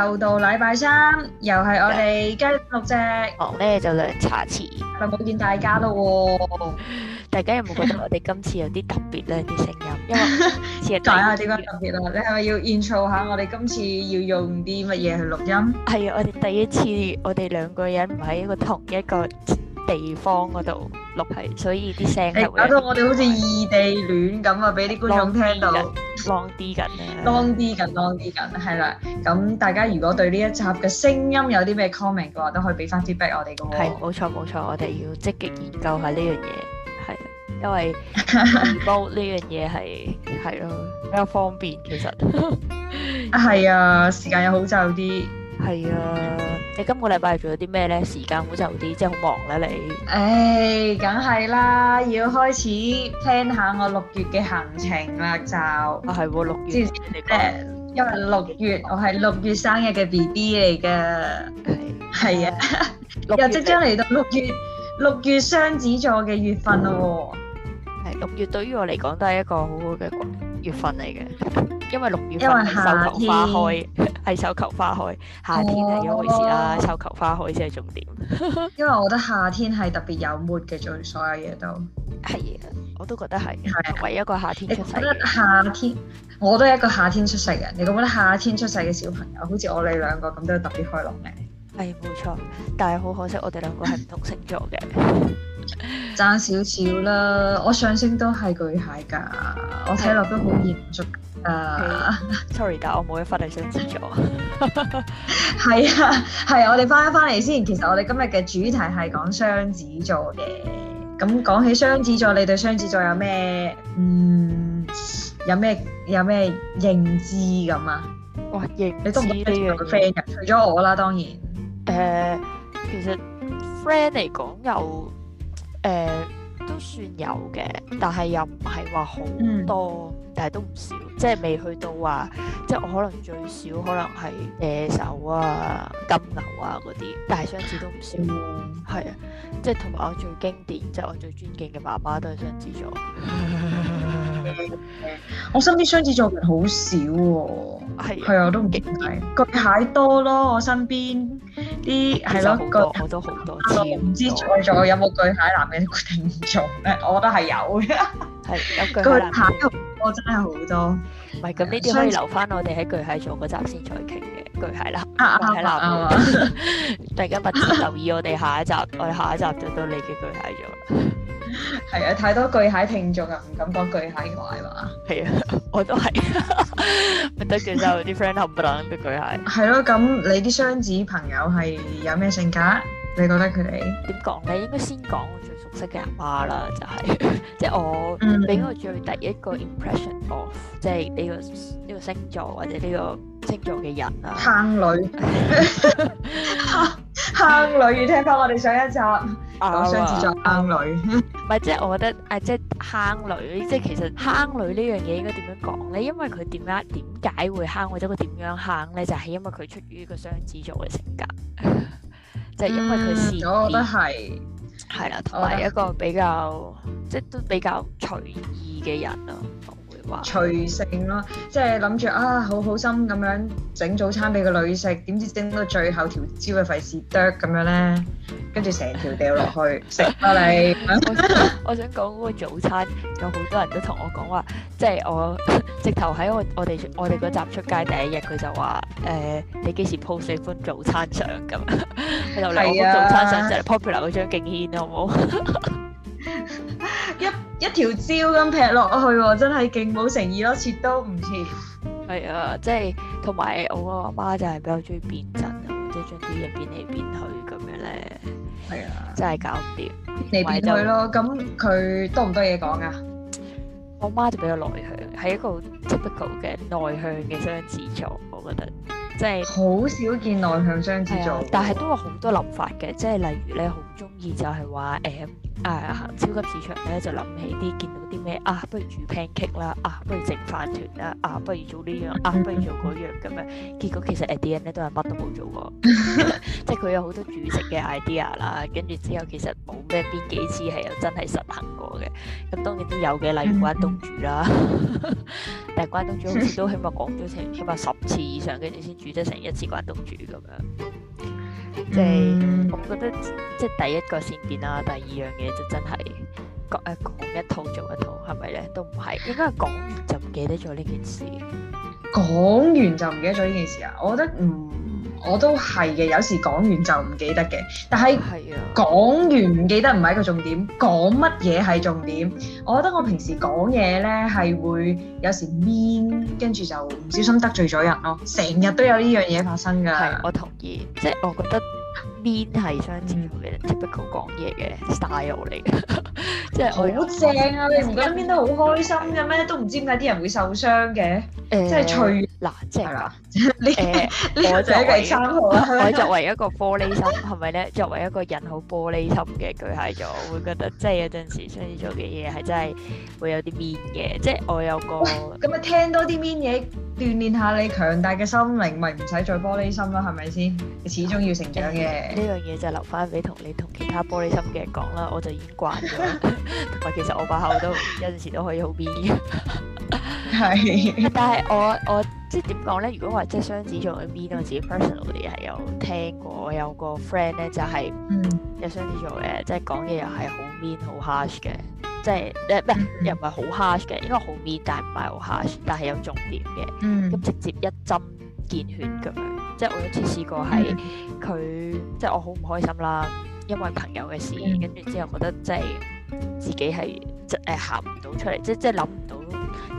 又到禮拜三，又係我哋跟六隻，我咧、嗯嗯、就兩茶匙。就冇見大家咯喎、哦， 大家有冇覺得我哋今次有啲特別咧啲聲音？ 因講下點解特別啊？你係咪要 intro 下我哋今次要用啲乜嘢去錄音？係啊，我哋第一次，我哋兩個人唔喺一個同一個地方嗰度。錄係，所以啲聲誒搞到我哋好似異地戀咁啊！俾啲是觀眾聽到 long 啲緊，long 啲緊，long 啲緊 l 係啦。咁、啊、大家如果對呢一集嘅聲音有啲咩 comment 嘅話，都可以俾翻啲 b 我哋嘅、那個。係冇錯冇錯，我哋要積極研究下呢樣嘢。係，因為煲呢樣嘢係係咯比較方便，其實啊係啊，時間又好就啲。係啊，你今個禮拜做咗啲咩咧？時間好就啲，即係好忙咧、啊、你。誒、哎，梗係啦，要開始 plan 下我六月嘅行程啦就。係喎、啊、六月。之前、嗯、你講、呃。因為六月我係六月生日嘅 B B 嚟嘅。係是。係啊。又月 即將嚟到六月，六月雙子座嘅月份咯喎。係、嗯、六月對於我嚟講都係一個好好嘅月份嚟嘅，因為六月因為夏天。係繡球花開，夏天係一回事啦。繡、oh. 啊、繡球花開先係重點， 因為我覺得夏天係特別有末嘅，做所有嘢都係， 我都覺得係唯作一個夏天出，你覺得夏天？我都係一個夏天出世嘅人。你覺唔覺得夏天出世嘅小朋友，好似我哋兩個咁，都係特別開朗嘅。係冇錯，但係好可惜，我哋兩個係唔同星座嘅。 爭少少啦，我上升都係巨蟹噶，的我睇落都好嚴肅啊。Sorry，但我冇一忽似雙子座。係啊，係啊，我哋翻一翻嚟先。其實我哋今日嘅主題係講雙子座嘅。咁講起雙子座，你對雙子座有咩？嗯，有咩有咩認知咁啊？哇，認你都唔知個，你係佢 friend 噶，除咗我啦，當然。誒，uh, 其實 friend 嚟講有。誒、呃、都算有嘅，但係又唔係話好多，嗯、但係都唔少，即係未去到話、啊，即係我可能最少可能係射手啊、金牛啊嗰啲，但係雙子都唔少，係啊，嗯、即係同埋我最經典，即、就、係、是、我最尊敬嘅爸爸都係雙子座。 我身邊雙子座嘅人好少喎。哦，係係啊，我都唔見曬巨蟹多咯。我身邊啲係咯，巨蟹好多好多，唔我知巨蟹有冇巨蟹男嘅聽眾咧？我覺得係有，係 巨蟹我真係好多。唔係咁，呢啲可以留返我哋喺巨蟹座嗰集先再傾嘅。巨蟹啦，喺、啊、男大家密切留意我哋下一集， 我哋下一集就到你嘅巨蟹咗啦。係啊，太多巨蟹聽眾又唔敢講巨蟹壞話。係啊，我都係，唔 得嘅就啲 friend 冚唪唥都巨蟹。係咯、 啊，咁你啲雙子朋友係有咩性格？你覺得佢哋點講？你應該先講。識嘅阿媽啦，就係即係我俾我最第一個 impression of，即係呢個呢、這個星座或者呢個星座嘅人啊。坑行女，坑 女，要聽翻我哋上一集雙子座坑女。唔係，即係我覺得啊，即係坑女，即係其實坑女樣呢樣嘢應該點樣講咧？因為佢點解，點解會坑？或者佢點樣坑咧？就係、是、因為佢出於個雙子座嘅性格， 就係因為佢善變我覺得係。嗯嗯嗯嗯係啦，同埋一個比較覺即係都比較隨意嘅人咯。哇隨性咯，即係諗住啊，好好心咁樣整早餐俾個女食，點知整到最後一條蕉又費事剁咁樣咧，跟住成條掉落去食啊 你！我， 我想講嗰個早餐，有好多人都同我講話，即係我直頭喺我我哋我哋嗰集出街第一日，佢就話誒、呃、你幾時 po 四款早餐相咁，喺度嚟早餐相、啊、就 popular 嗰張敬軒好我。 一條蕉咁劈落去喎，真係勁冇誠意咯，切都唔切。係啊，即係同埋我阿媽，媽就係比較中意變陣，即係將啲嘢變嚟變去咁樣咧。係啊，真係搞唔掂。你嚟變去咯，咁佢多唔多嘢講啊？我媽就比較內向，係一個 typical 嘅內向嘅雙子座，我覺得即係好少見內向雙子座，啊，但係都有好多諗法嘅，即係例如咧，好中意就係話誒。嗯誒行超級市場咧，就諗起啲見到啲咩啊，不如煮 pancake 啦，啊不如整飯團啦，啊不如做呢樣，啊不如做嗰樣咁樣。結果其實 a d n 咧都係乜都冇做過、 嗯，即係佢有好多煮食嘅 idea 啦，跟住之後其實冇咩邊幾次係有真係實行過嘅。咁當然都有嘅，例如關東煮啦， 但係關東煮好似都起碼講咗成，起碼十次以上，跟住先煮得成一次關東煮咁樣。即係、就是嗯、我覺得即係、就是、第一個先變啦，第二樣嘢就真係講一講一套做一套，係咪咧？都唔係，應該講完就唔記得咗呢件事。講完就唔記得咗呢件事啊？我覺得唔。嗯我都係嘅，有時講完就唔記得嘅。但係講完唔記得唔係一個重點，講乜嘢係重點。我覺得我平時講嘢咧係會有時 mean，跟住就唔小心得罪咗人咯。成日都有呢樣嘢發生㗎。係，我同意。即係我覺得。Mean 係雙子座嘅 typical 講嘢嘅 style 嚟嘅。即係好正啊！你唔覺得 mean 都好開心嘅咩？都唔知點解啲人會受傷嘅？即係脆嗱，即係呢？我作為一個玻璃心，係咪咧？作為一個人好玻璃心嘅巨蟹座，我會覺得即係有陣時雙子座嘅嘢係真係會有啲 mean 嘅。即係我有個咁啊，聽多啲 mean 嘢。鍛鍊下你強大嘅心靈，咪唔使再玻璃心啦，係咪先？你始終要成長嘅。呢樣嘢就留翻俾同你同其他玻璃心嘅人講啦，我就已經慣咗。同埋 其實我把口都有陣 時都可以好 m e 但係我我即係點講咧？如果話即係雙子座嘅 mean，我自己 personal 嗰啲係有聽過。我有個 friend 咧就係有雙子座嘅，嗯、即係講嘢又係好 mean 好 harsh 嘅。即係誒唔又唔係好 harsh 嘅，應該好 mean，但係唔係好 harsh，但係有重點嘅。咁、嗯、直接一針見血咁樣，即係我有次試過係佢、嗯，即係我好唔開心啦，因為朋友嘅事，嗯、跟住之後覺得即係自己係即係喊唔到出嚟，即即係諗唔到。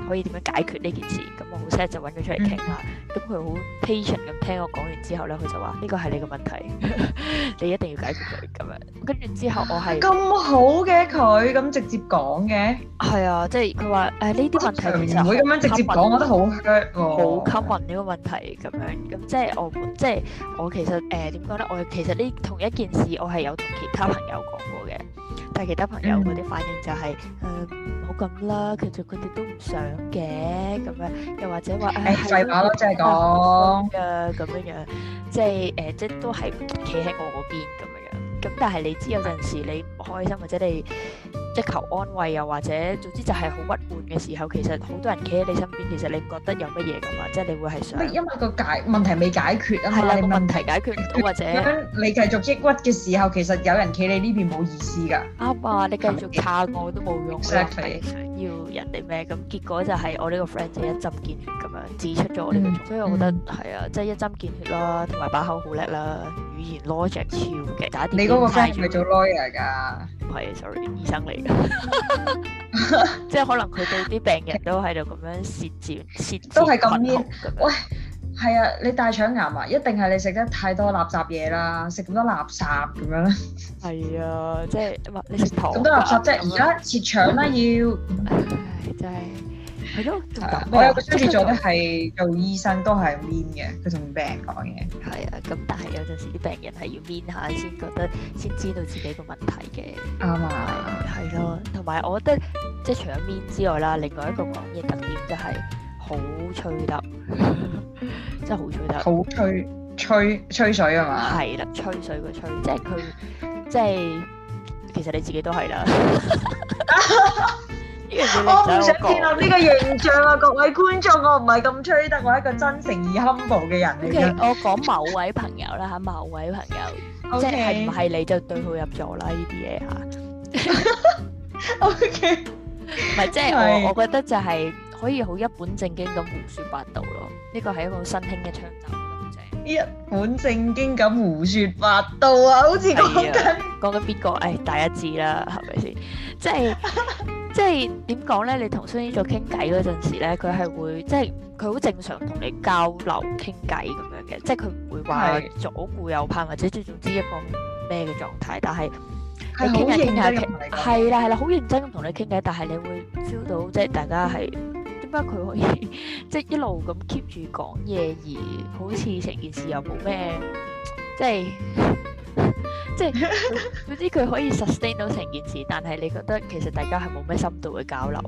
可以點樣解決呢件事？咁我好 sad 就揾佢出嚟傾下。咁佢好 patient 咁聽我講完之後咧，佢就話：呢個係你嘅問題， 你一定要解決佢咁樣。跟住之後我係咁好嘅佢，咁直接講嘅。係啊，即係佢話誒呢啲問題其實唔會咁樣直接講，我覺得好 excellent 好 common 呢個問題咁樣，咁即係我，即係我其實誒點講咧？我其實呢同一件事，我係有同其他朋友講過。但係其他朋友嗰啲反應就係、誒，唔好咁啦，其實佢哋都唔想嘅咁樣，又或者話誒，計埋咯，即係講啊咁樣樣，即係誒、呃，即都係企喺我嗰邊咁樣樣。咁但係你知有陣時你唔開心或者你。即求安慰又或者，總之就係好鬱悶嘅時候，其實好多人企喺你身邊，其實你唔覺得有乜嘢噶嘛？即係你會係想，因為個解問題未解決啊嘛，個問題解決都或者你繼續抑鬱嘅時候，其實有人企喺你呢邊冇意思噶。啱啊，你繼續差我都冇用，要人哋咩咁？結果就係我呢個 friend 就一針見血咁樣指出咗我呢個，所以我覺得係啊，即係一針見血啦，同埋把口好叻啦，語言 logic 超勁。你嗰個 friend 係咪做 lawyer 㗎？係，sorry，醫生嚟嘅， 即係可能佢對啲病人都喺度咁樣設置、都係咁煙。喂，係啊，你大腸癌啊，一定係你食得太多垃圾嘢啦，食咁多垃圾咁樣。係 啊，即係，你食糖咁 多垃圾，即係而家切腸啦要。 唉，真係。係咯，我有佢雙子座咧，係做醫生都係 mean 嘅，佢同病人講嘢。係啊，咁但係有陣時啲病人係要 mean 下先覺得，先知道自己個問題嘅。啱啊，係咯，同埋我覺得即係除咗 mean 之外啦，另外一個講嘢特點就係 好吹得，真係好吹得，好吹吹吹水啊嘛？係啦，吹水個吹，吹，即係佢，即係其實你自己都係啦。 我唔想建立呢個形象啊， 各位觀眾，我唔係咁吹得，我係一個真誠而 humble 嘅人。Okay, 我講某位朋友啦，某位朋友，Okay. 即係唔係你就對號入座啦，呢啲嘢吓。O K，唔係即係我，是我覺得就係可以好一本正經咁胡說八道咯。呢個係一個新興嘅槍法，我覺得好一本正經咁胡說八道啊，好似講緊講緊邊個？哎，第一字啦，係咪先？即係。 即係點講咧？你同雙子座傾偈嗰陣時咧，佢係會即係佢好正常同你交流傾偈咁樣嘅，即係佢唔會話左顧右盼或者仲總之一個咩嘅狀態。但係你傾偈傾偈傾，係啦係啦，好認真咁同你傾偈。但係你會 feel 到即係大家係點解佢可以即係一路咁 keep 住講嘢，而好似成件事又冇咩即係。即係，總之佢可以 sustain 到成件事，但係你覺得其實大家係冇咩深度嘅交流，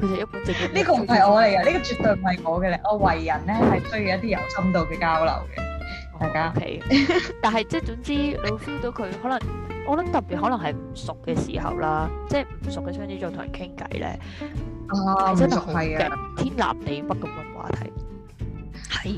佢 就一般直接。呢個唔係我嚟噶，呢個絕對唔係我嘅咧。我為人咧係需要一啲有深度嘅交流嘅， 大家。Oh, okay. 但係即係總之，你會 feel 到佢可能，我諗特別可能係唔熟嘅時候啦，即係唔熟嘅雙子座同人傾偈咧，係、oh, 真係好天南地北咁嘅話題，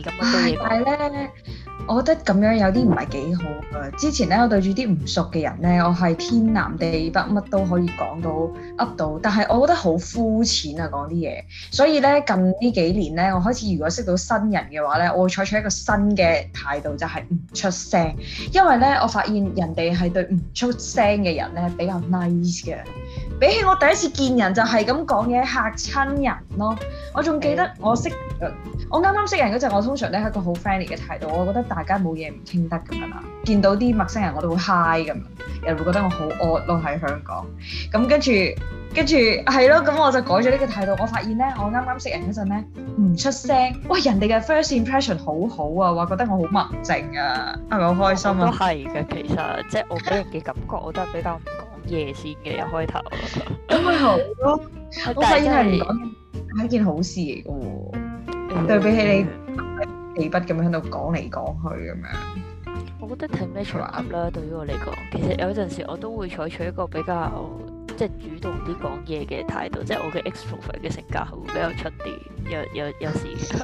係咁多嘢講。 我覺得咁樣有啲唔係幾好啊！之前咧，我對住啲唔熟嘅人咧，我係天南地北乜都可以講到噏到，但係我覺得好膚淺啊講啲嘢。所以咧，近呢幾年咧，我開始如果識到新人嘅話咧，我會採取一個新嘅態度，就係唔出聲，因為咧，我發現人哋係對唔出聲嘅人咧比較 nice 嘅。比起我第一次見人就係咁講嘢嚇親人咯，我仲記得我識，我啱啱識人嗰陣，我通常都係一個好 friendly 嘅態度，我覺得大家冇嘢唔傾得咁樣啦。見到啲陌生人我都會 high 咁樣，人會覺得我好 odd 咯，喺香港。咁跟住。跟住係咯，咁我就改咗呢個態度。我發現咧，我啱啱識人嗰陣咧唔出聲，哇，人哋嘅 first impression 好好啊，話覺得我好文靜啊，係咪好開心啊？都係㗎，其實即係我俾人嘅感覺，我都係比較唔講嘢先嘅，由開頭。咁咪好咯，我發現係唔講係一件好事嚟㗎喎。對比起你眉筆咁樣喺度講嚟講去咁樣，我覺得挺 match up 啦。對於我嚟講，其實有陣時我都會採取一個比較。即係主動啲講嘢嘅態度，即、就、係、是、我嘅 extrovert 嘅性格係會比較出啲。有有有時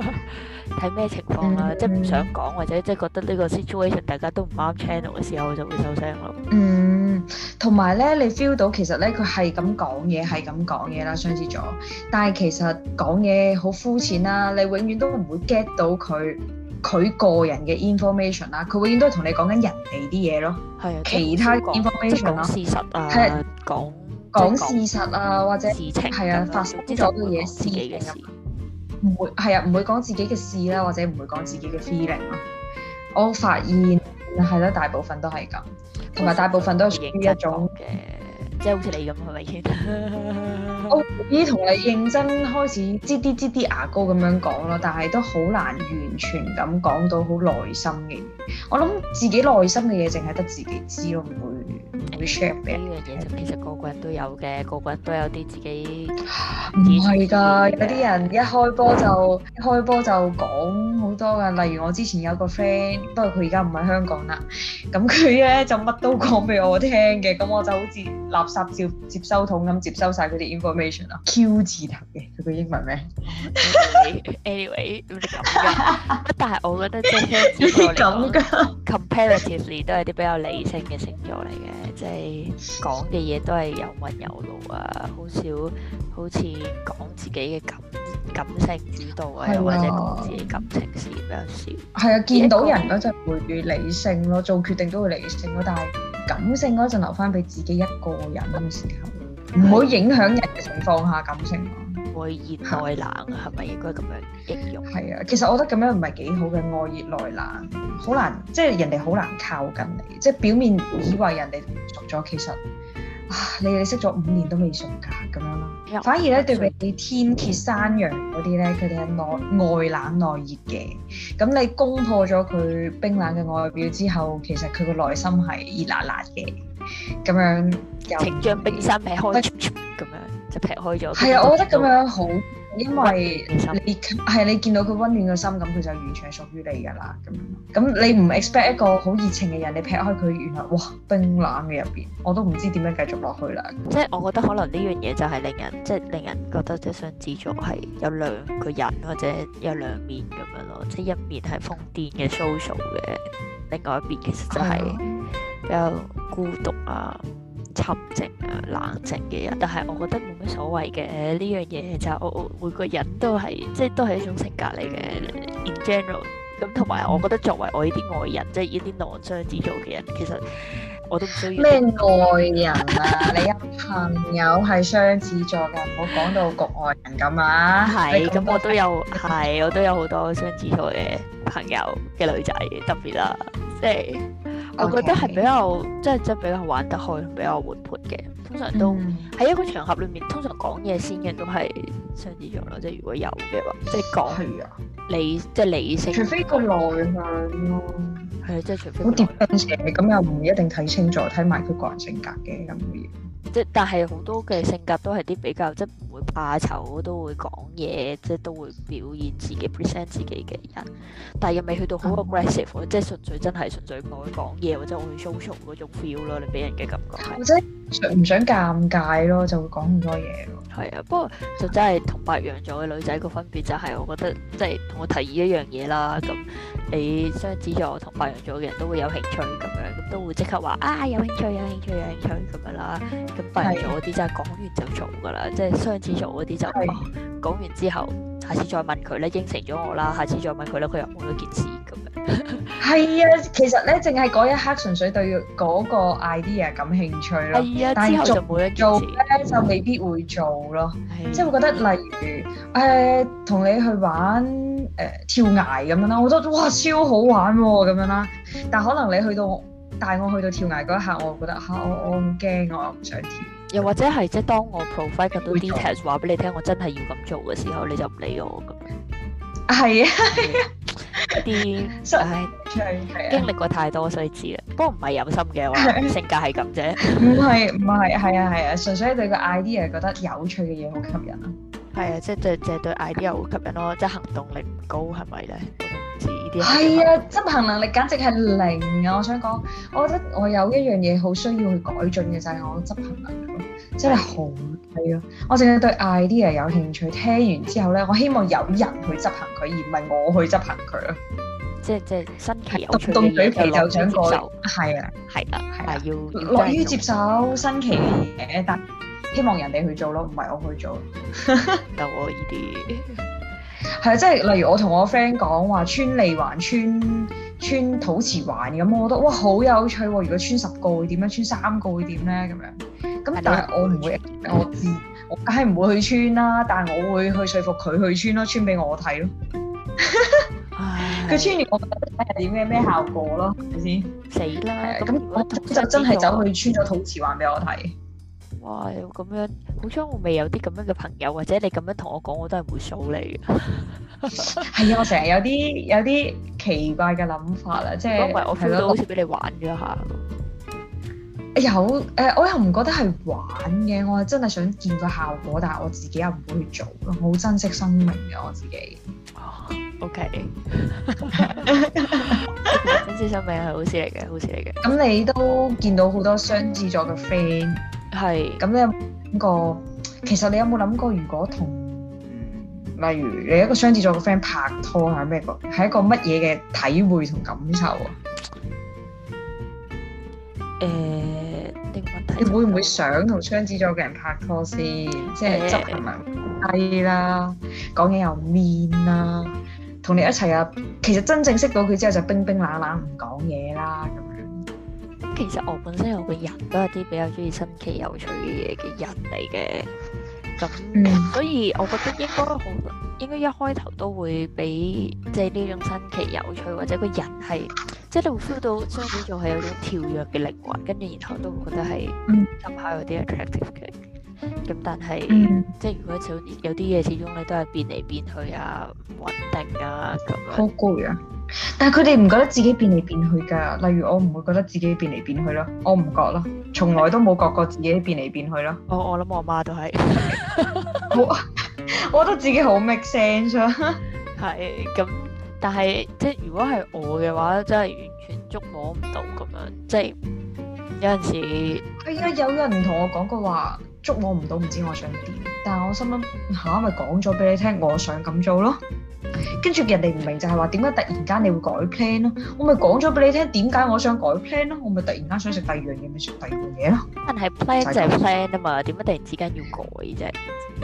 睇咩 情況啦、啊，嗯、即係唔想講或者即係覺得呢個 situation 大家都唔啱 channel 嘅時候，我就會收聲咯。嗯，同埋咧，你 feel 到其實咧佢係咁講嘢係咁講嘢啦，上次咗，但係其實講嘢好膚淺啦、啊。你永遠都唔會 get 到佢佢個人嘅 information 啦、啊。佢永遠都係同你講緊人哋啲嘢咯，係的其他 information、啊、事實啊，的講。講事實啊，或者事情係啊，發生咗嘅嘢事，唔會係啊，唔會講自己嘅事啦、啊，或者唔會講自己嘅 feeling、啊。我發現係咯、啊，大部分都係咁，同埋大部分都係屬於一種嘅，即係、就是、好似你咁係咪先？是是 我依同你認真開始擠啲擠啲牙膏咁樣講咯，但係都好難完全咁講到好內心嘅嘢。我諗自己內心嘅嘢，淨係得自己知咯，唔會，唔會 share 呢樣嘢，就其實個個人都有嘅，個個人都有啲自己唔係㗎，有啲人一開波就、嗯、開波就講好多㗎。例如我之前有個 friend，不過佢而家唔喺香港啦。咁佢咧就乜都講俾我聽嘅，咁我就好似垃圾接接收桶咁接收晒佢啲 information 啦。Q 字頭嘅佢個英文名。 anyway，唔知點解。 但係我覺得，即係比較 comparatively 都係啲比較理性嘅星座嚟嘅，即係講嘅嘢都係有紋有路啊，少好少好似講自己嘅感感性主導啊，又的或者講自己感情事比較少。係啊，見到人嗰陣會理性咯，做決定都會理性咯，但係感性嗰陣留翻俾自己一個人咁嘅時候，唔好的影響人嘅情況下感性。外熱內冷係咪、啊、應該咁樣形容？係啊，其實我覺得咁樣唔係幾好嘅，外熱內冷好難，即係人哋好難靠近你。即係表面以為人哋熟咗，其實啊，你哋識咗五年都未熟噶咁樣咯。嗯、反而咧，嗯、對比啲、嗯、天蠍山羊嗰啲咧，佢哋係內外冷內熱嘅。咁你攻破咗佢冰冷嘅外表之後，其實佢個內心係熱辣辣嘅。咁樣， 樣，又，將冰山劈開咁樣。就劈開咗。係啊的，看我覺得咁樣好，因為係你見到佢溫暖嘅心，咁佢就完全係屬於你噶啦。咁咁你唔 expect 一個好熱情嘅人，你劈開佢，原來哇冰冷嘅入邊，我都唔知點樣繼續落去啦。即係我覺得可能呢樣嘢就係令人，即係令人覺得即係想指著係有兩個人或者有兩面咁樣咯。即係一面係瘋癲嘅 social 嘅， 另外一邊其實就係比較孤獨啊。 沉靜啊，冷靜嘅人，但係我覺得冇乜所謂嘅呢樣嘢，就我我，我每個人都係即係都係一種性格嚟嘅。In general，咁同埋我覺得作為我呢啲外人，即係呢啲雙子座嘅人，其實我都唔需要。咩外人啊！ 你有朋友係雙子座嘅，唔好講到局外人咁啊！係是，咁、嗯、我都有，係我都有好多雙子座嘅朋友嘅女仔特別啦、啊，即係。 我 Okay. 覺得係比較，即係即係比較玩得開，比較活潑嘅。通常都喺、嗯、一個場合裏面，通常講嘢先嘅都係雙子座咯。即係如果有嘅話，即，講理、啊、即理係講你， 即係理性。除非個內向咯，係啊，即係除非好 dependant 嘅咁又唔一定睇清楚，睇埋佢個人性格嘅咁嘅嘢。即但係好多嘅性格都係啲比較即係唔會怕醜，都會講嘢，即係都會表現自己、present 自己嘅人。但係又未去到好 aggressive，即係純粹真係純粹我去講嘢，或者我去 social 嗰種 feel 咯，你俾人嘅感覺係。唔想尷尬咯，就會講咁多嘢咯。係啊，不過就真係同白羊座嘅女仔個分別就係，我覺得即係同我提議一樣嘢啦。咁你雙子座同白羊座嘅人都會有興趣咁樣，咁都會即刻話啊有興趣有興趣有興趣咁樣啦。咁白羊座嗰啲真係講完就做㗎啦，的即係雙子座嗰啲就。的講完之後，下次再問佢咧，應承咗我啦。下次再問佢咧，佢又冇咗件事咁樣。係 啊，其實咧，淨係嗰一刻純粹對嗰個 idea 感興趣咯。哎、呀但係做咧就未必會做咯。即係的我，、呃呃、我覺得，例如誒同你去玩誒跳崖咁樣啦，我覺得哇超好玩喎、啊、咁樣啦。但可能你去到帶我去到跳崖嗰一刻，我覺得吓、啊，我我咁驚，我又唔想跳。又或者係即係當我 provide 更多 details 話俾你聽，我真係要咁做嘅時候，錯你就唔理我咁。係啊、 嗯，啲唉，經歷過太多所以知啦。 不過唔係有心嘅話，性格係咁啫。唔係唔係，係啊係啊，純粹對個 idea 覺得有趣嘅嘢好吸引啊。係啊，即係即對 idea 好吸引咯，即係行動力唔高係咪咧？是係啊，執行能力簡直係零啊！我想講，我覺得我有一樣嘢好需要去改進嘅就係我執行能力，真係好，係啊！我淨係對 idea 有興趣，聽完之後咧，我希望有人去執行佢，而唔係我去執行佢咯。即係即係新奇嘅，動動嘴皮就想過，係啊，係啊，係要樂於接受新奇嘅，但希望人哋去做咯，唔係我去做。得我呢啲。係啊，即係 例如我同我 friend 講話穿脷環穿穿肚臍環咁，我覺得哇好有趣喎！如果穿十個會點？咩穿三個會點咧？咁樣咁，但係我唔會，我自我梗係唔會去穿啦。但係我會去説服佢去穿咯，穿俾我睇咯。佢 穿完我睇係點嘅咩效果咯？係咪先死啦？咁如果 就真係走去穿咗肚臍環俾我睇。哇，又咁樣，好彩我未有啲咁樣嘅朋友，或者你咁樣同我講，我都係唔會數你嘅。係啊，我成日有啲有啲奇怪嘅諗法啊，即係係咯，我好似俾你玩咗下。有誒、呃，我又唔覺得係玩嘅，我真係想見個效果，但係我自己又唔會去做咯，好珍惜生命嘅我自己。OK 珍惜生命係好事嚟嘅，好事嚟嘅。咁你都見到好多雙子座嘅 friend。係，咁咧是，咁個其實你有冇諗過，如果同，例如你一個雙子座嘅 friend 拍拖係咩個，係一個乜嘢嘅體會同感受啊？誒、呃，你會唔會想同雙子座嘅人拍拖先？呃、即係執係咪？係啦，講嘢又面啊，同你一齊啊，其實真正識到佢之後就冰冰冷冷唔講嘢啦。其實我本身有個人都係啲比較中意新奇有趣嘅嘢嘅人嚟嘅，咁、嗯、所以我覺得應該好，應該一開頭都會俾即係呢種新奇有趣或者個人係，即係你會 feel 到雙子座係有種跳躍嘅靈魂，跟住然後都會覺得係深刻有啲 attractive 嘅。咁但係、嗯、即係如果有啲嘢始終咧都係變嚟變去啊，唔穩定啊，咁樣。好攰啊！但係佢哋唔覺得自己變嚟變去噶，例如我唔會覺得自己變嚟變去咯，我唔覺咯，從來都冇覺過自己變嚟變去咯。我我諗我媽都係，我我覺得自己好 make sense 啊。係，咁但係即係如果係我嘅話咧，真係完全捉摸唔到咁樣，即係有陣時係啊、哎，有人同我講過話捉摸唔到，唔知我想點，但係我心諗吓咪講咗俾你聽，我想咁做咯。跟住人哋唔明就係話點解突然間你會改 plan 咯？我咪講咗俾你聽點解我想改 plan 咯？我咪突然間想食第二樣嘢咪食第二樣嘢咯？但係 plan 就係 plan 啊嘛，點解突然之間要改啫？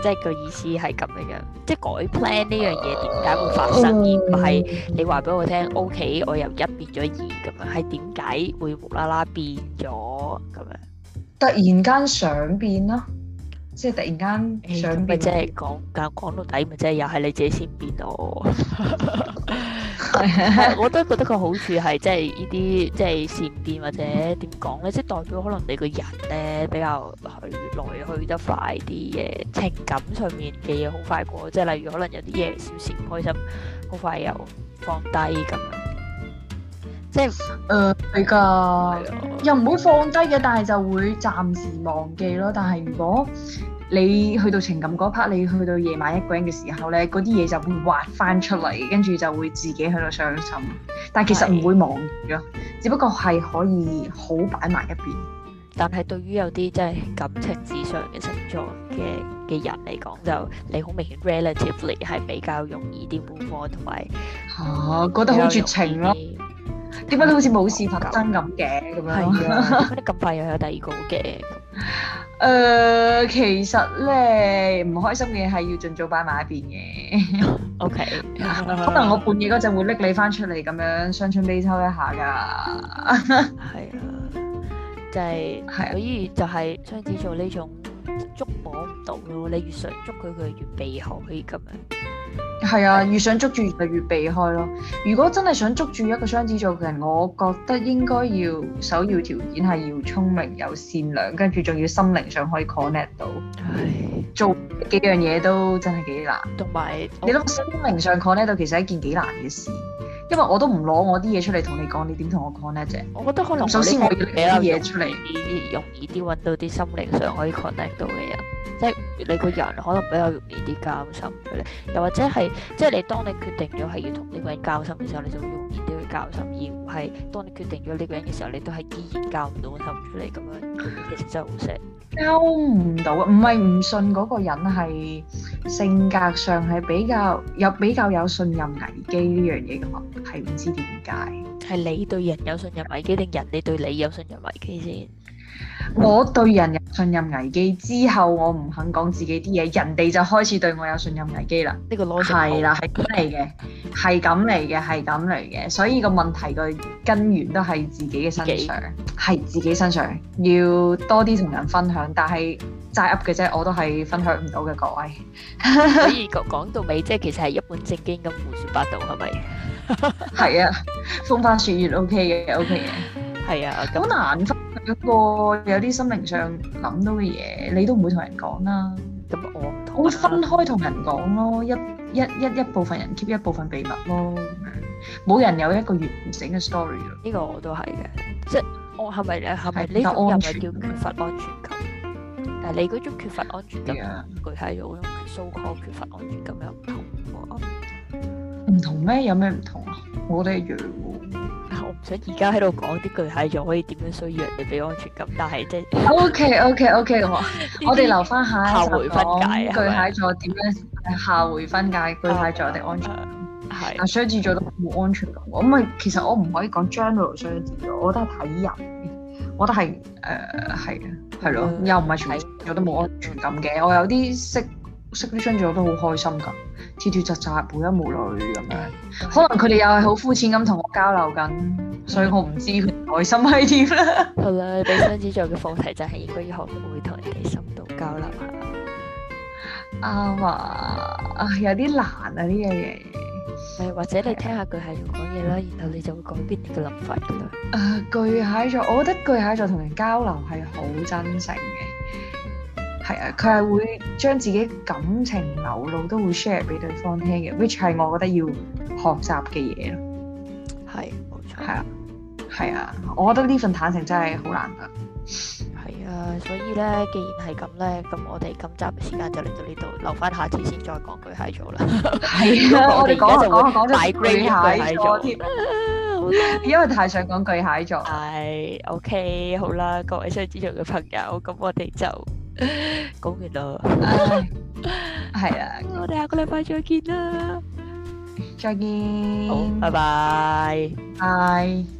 即係個意思係咁樣，即係改 plan 呢樣嘢點解會發生？而唔係你話俾我聽，嗯，OK，我由一變咗二咁樣，係點解會無啦啦變咗咁樣？突然間想變咯？即係突然間想、欸，咪即係講，講講到底咪即係又係你自己先變咯。 我都覺得個好處係即係呢啲即係善變或者點講咧？即係代表可能你個人咧比較去來去得快啲嘅，情感上面嘅嘢好快過，即係例如可能有啲嘢小事唔開心，好快又放低咁樣。即係誒係㗎，呃哎、呦又唔會放低嘅，但係就會暫時忘記咯。但係如果你去到情感嗰 part，你去到夜晚一個人嘅時候咧，嗰啲嘢就會挖翻出嚟，跟住就會自己喺度傷心。但係其實唔會忘記是只不過係可以好擺埋一邊。但係對於有啲即係感情至上嘅星座嘅嘅人嚟講，就你好明顯 relatively 係比較容易啲 move on 同埋嚇，覺得好絕情咯。點解你好似冇事發生咁嘅咁樣？係咁快又有第二個嘅。誒、呃，其實咧，唔開心嘅係要盡早擺埋一邊嘅。 o Okay . K，、uh, 可能我半夜嗰陣會拎你翻出嚟，咁樣傷春悲秋一下噶。係 啊，就係、是，啊、所以就係雙子座呢種捉摸唔到咯。你越想捉佢，佢越避開咁樣。係啊，越想捉住，就越避開咯。如果真係想捉住一個雙子座嘅人，我覺得應該要首要條件係要聰明、有善良，跟住仲要心靈上可以 connect 到，唉做幾樣嘢都真係幾難。同埋有你諗心靈上 connect 到，其實係一件幾難嘅事。因為我都唔攞我啲嘢出嚟同你講，你點同我 connect 呢？啫？我覺得可能首先我，我要拎幾粒嘢出嚟，容易啲揾到啲心靈上可以 connect 到嘅人，即係你個人可能比較容易啲交心嘅咧。又或者係，即係你當你決定咗係要同呢個人交心嘅時候，你就要。教心而唔係，當你決定咗呢個人嘅時候，你都係依然教唔到，溝唔出嚟咁樣，其實真係好錫。教唔到啊，唔係唔信嗰個人係性格上係比較有比較有信任危機呢樣嘢嘅嘛，係唔知點解。係你對人有信任危機定人哋你對你有信任危機先？我對人有信任危機之後，我唔肯講自己啲嘢，人哋就開始對我有信任危機啦。呢個邏輯係啦，係咁嚟嘅，係咁嚟嘅，係咁嚟嘅。所以個問題嘅根源都係自己嘅身上，係自己身上要多啲同人分享，但係齋 up 嘅啫，我都係分享唔到嘅各位。所以講講到尾，即係其實係一本正經咁胡說八道，係咪？係啊，風花雪月 OK 嘅，OK 嘅，係啊，咁難。一個有啲心靈上諗到嘅嘢，你都唔會同人講啦。咁我會分開同人講咯，一一一一部分人 keep 一部分秘密咯。冇人有一個完整嘅 story 咯。呢個我都係嘅，即係我係咪呢個？你又唔係叫缺乏安全感？但係你嗰種缺乏安全感，具體咗咯，so call 缺乏安全感又唔同喎。唔同咩？有咩唔同啊？我覺得一樣喎。我唔想而家喺度講啲巨蟹座可以點樣需要人哋俾安全感，但係即係。OK，OK，OK，我哋留翻下一集講巨蟹座點樣下回分解巨蟹座嘅安全感，係雙子座都冇安全感喎。咁啊，啊啊啊其實我唔可以講 general 雙子座，我覺得係睇人，我覺得係誒係啊，係、呃、咯，又唔係全部雙子座都冇安全感嘅，我有啲識。識嗰啲雙子我都好開心噶，跳跳紮紮，無憂無慮咁樣。嗯、可能佢哋又係好膚淺咁同我交流緊，嗯、所以我唔知佢內心係點啦。好啦，俾雙子座嘅課題就係，應該要學會同人哋深度交流下。啱啊,啊，有啲難啊呢樣嘢。誒，或者你聽下巨蟹座講嘢啦，的然後你就會改變你嘅諗法咁樣。啊、呃，巨蟹座，我覺得巨蟹座同人交流係好真誠嘅。係啊，佢係會將自己感情流露，都會 share 俾對方聽嘅，which 係我覺得要學習嘅嘢咯。係，冇錯。係啊，係啊，我覺得呢份坦誠真係好難得。係啊，所以咧，既然係咁咧，咁我哋今集嘅時間就嚟到呢度，留翻下次先再講巨蟹座啦。係啊，我哋而家就講咗巨蟹座添，因為太想講巨蟹座。係，OK，好啦，各位雙子座嘅朋友，咁我哋就。恭喜到，係啦。我哋下個禮拜再見啦，再見，拜拜，拜。